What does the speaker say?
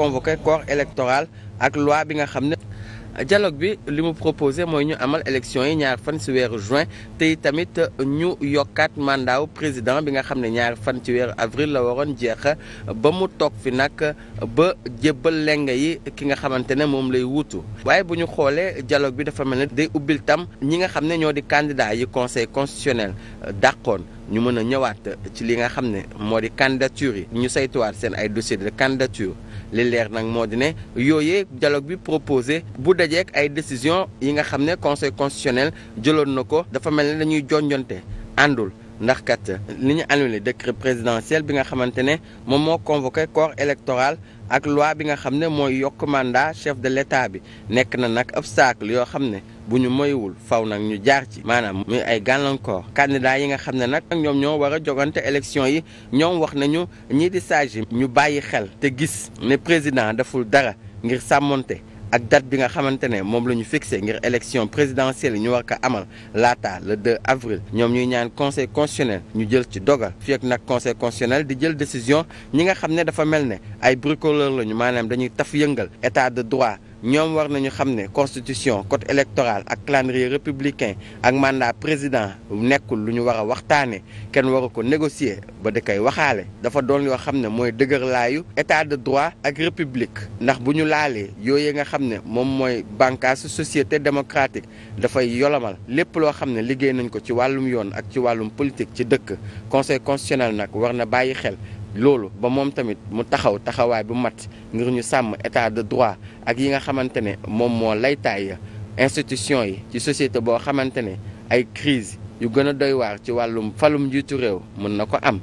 convoqué corps électoral ak loi bi nga xam ne jaloog bi li mu proposé mooy ñu amal élection yi ñaar fan ci weeru juin tey tamit ñu yokkaat mandat président bi nga xam ne ñaar fan ci weeru avril la waroon jeex ba mu toog fi nag ba jébbal leng yi ki nga xamante ne moom lay wutu waaye bu ñu xoolee jaloog bi dafa mel ne day ubbil tam ñi nga xam ne ñoo di candidat yi conseil constitutionnel dàqoon. ñu mën a ñëwaat ci li nga xam ne moo di candidature yi ñu saytuwaat seen ay dossier de candidature li leer nag moo di ne yooyee dialogue bi proposé bu dajeek ay décision yi nga xam ne conseil constitutionnel jëloon na ko dafa mel ne dañuy jonjonte àndul ndax kat li ñu annulé décret présidentiel bi nga xamante ne moom moo convoqué corps électoral ak loi bi nga xam ne mooy yokk mandat chef de l'État bi nekk na nag obstacle yoo xam ne bu ñu moywul faw nag ñu jaar ci maanaam muy ay gàllankoor candidat yi nga xam ne nag ñoom ñoo war a jogante élection yi ñoom wax nañu ñii di sage ñu bàyyi xel te gis ne président daful dara ngir sàmmonte ak date bi nga xamante ne moom la ñu fixé ngir élection présidentielle ñu war ko amal laata le 2 avril ñoom ñuy ñaan conseil constitutionnel ñu jël ci dogal fii nag conseil constitutionnel di jël décision ñi nga xam ne dafa mel ne ay bricoleurs lañu maanaam dañuy taf yëngal état de droit. ñoom war nañu xam ne constitution code électoral ak clandrier républicain ak mandat président nekkul lu ñu war a waxtaane kenn waru ko négocier ba di koy waxaale dafa doon yoo xam ne mooy dëgërlaayu état de droit ak république ndax bu ñu laalee yooyu nga xam ne moom mooy bànqaasu société démocratique dafay yolomal lépp loo xam ne liggéey nañ ko ci wàllum yoon ak ci wàllum politique ci dëkk conseil constitutionnel nag war na bàyyi xel loolu ba moom tamit mu taxaw taxawaay bu mat ngir ñu sàmm état de droit ak yi nga xamante ne moom moo laytaay institution yi ci société boo xamante ne ay crise yu gën a doy waar ci wàllum falum njiitu réew mën na ko am